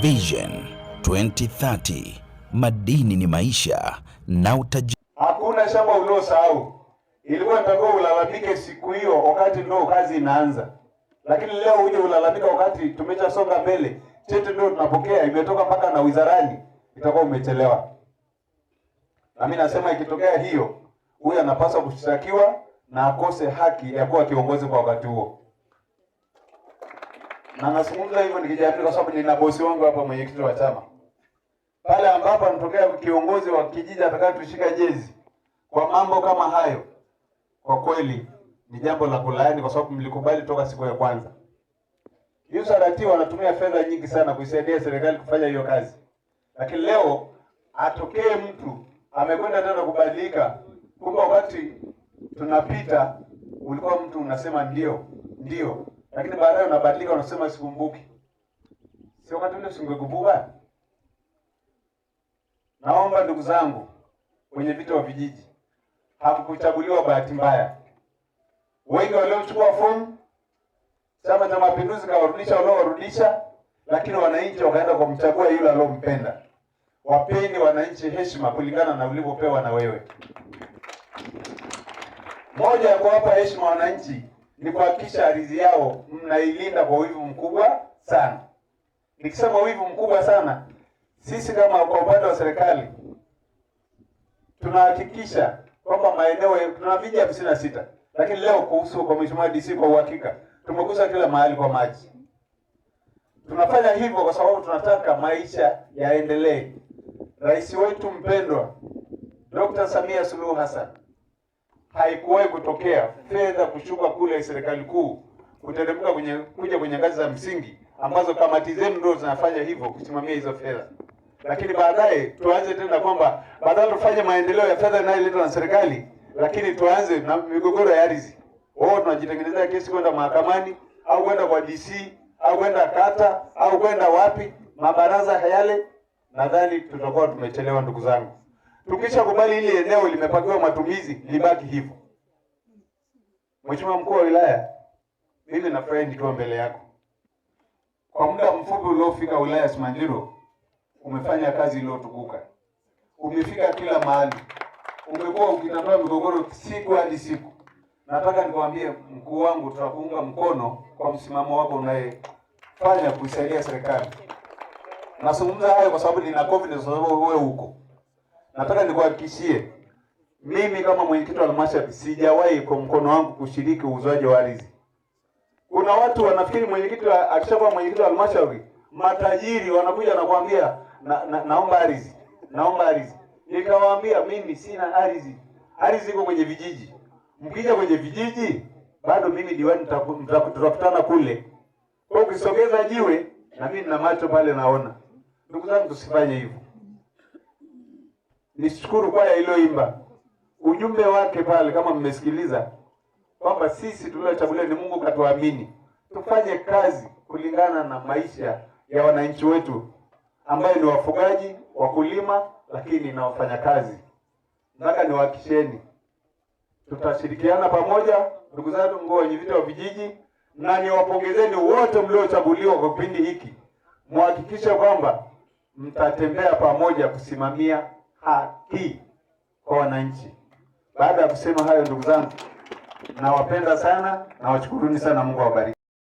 Vision 2030 madini ni maisha na utajiri. Hakuna shamba uliosahau. Ilikuwa nitakuwa ulalamike siku hiyo wakati ndio kazi inaanza, lakini leo uje ulalamika wakati tumeshasonga mbele, cheti ndio tunapokea, imetoka mpaka na wizarani, itakuwa umechelewa. Nami nasema ikitokea hiyo, huyu anapaswa kushtakiwa na akose haki ya kuwa kiongozi kwa wakati huo na nazungumza hivyo nikijiamini kwa sababu nina bosi wangu hapa, mwenyekiti wa chama. Pale ambapo anatokea kiongozi wa kijiji tushika jezi kwa mambo kama hayo, kwa kweli ni jambo la kulaani, kwa sababu mlikubali toka siku ya kwanza. USRT wanatumia fedha nyingi sana kuisaidia serikali kufanya hiyo kazi, lakini leo atokee mtu amekwenda tena kubadilika. Kumbe wakati tunapita ulikuwa mtu unasema ndio ndio lakini baadaye unabadilika, unasema sikumbuki. Sio wakati ule usingekumbuka? Naomba ndugu zangu kwenye vita wa vijiji, hakuchaguliwa bahati mbaya. Wengi waliochukua fomu Chama cha Mapinduzi kawarudisha waliowarudisha, lakini wananchi wakaenda kumchagua yule aliompenda. Wapeni wananchi heshima kulingana na ulivyopewa na wewe. Moja ya kuwapa heshima wananchi ni kuhakikisha ardhi yao mnailinda kwa wivu mkubwa sana. Nikisema wivu mkubwa sana, sisi kama kwa upande wa serikali tunahakikisha kwamba maeneo tuna vijiji hamsini na sita, lakini leo kuhusu kwa mheshimiwa DC, kwa uhakika tumegusa kila mahali kwa maji. Tunafanya hivyo kwa sababu tunataka maisha yaendelee. Rais wetu mpendwa Dr. Samia Suluhu Hassan haikuwahi kutokea fedha kushuka kule serikali kuu kuteremka kwenye kuja kwenye ngazi za msingi ambazo kamati zenu ndio zinafanya hivyo kusimamia hizo fedha, lakini baadaye tuanze tena kwamba baadaye tufanye maendeleo ya fedha inayoletwa na serikali, lakini tuanze na migogoro ya ardhi. Wao tunajitengenezea kesi kwenda mahakamani au kwenda kwa DC au kwenda kata au kwenda wapi mabaraza yale. Nadhani tutakuwa tumechelewa, ndugu zangu tukisha kubali ili eneo limepakiwa matumizi libaki hivyo. Mheshimiwa mkuu wa wilaya, mimi nafurahi nikiwa mbele yako. Kwa muda mfupi uliofika wilaya ya Simanjiro umefanya kazi iliyotukuka, umefika kila mahali, umekuwa ukitatua migogoro siku hadi siku. Nataka nikwambie mkuu wangu, tutakuunga mkono kwa msimamo wako unayefanya kuisaidia serikali. Nazungumza hayo kwa sababu nina confidence wewe huko Nataka nikuhakikishie mimi kama mwenyekiti wa halmashauri sijawahi kwa mkono wangu kushiriki uuzaji wa ardhi. Kuna watu wanafikiri mwenyekiti wa akishakuwa mwenyekiti wa halmashauri matajiri wanakuja nakwambia na, na, naomba ardhi. Naomba ardhi. Nikawaambia mimi sina ardhi. Ardhi iko kwenye vijiji. Mkija kwenye vijiji bado mimi diwani tutakutana kule. Kwa ukisogeza jiwe na mimi nina macho pale naona. Ndugu zangu tusifanye hivyo nishukuru kwaya iliyoimba ujumbe wake pale, kama mmesikiliza, kwamba sisi tuliochaguliwa ni Mungu katuamini, tufanye kazi kulingana na maisha ya wananchi wetu ambayo ni wafugaji, wakulima, lakini na wafanyakazi. Nataka niwahakisheni tutashirikiana pamoja, ndugu zangu ngo wenye vita wa vijiji, na niwapongezeni wote mliochaguliwa kwa kipindi hiki, muhakikishe kwamba mtatembea pamoja kusimamia haki kwa wananchi. Baada ya kusema hayo, ndugu zangu, nawapenda sana, nawashukuruni sana. Mungu awabariki.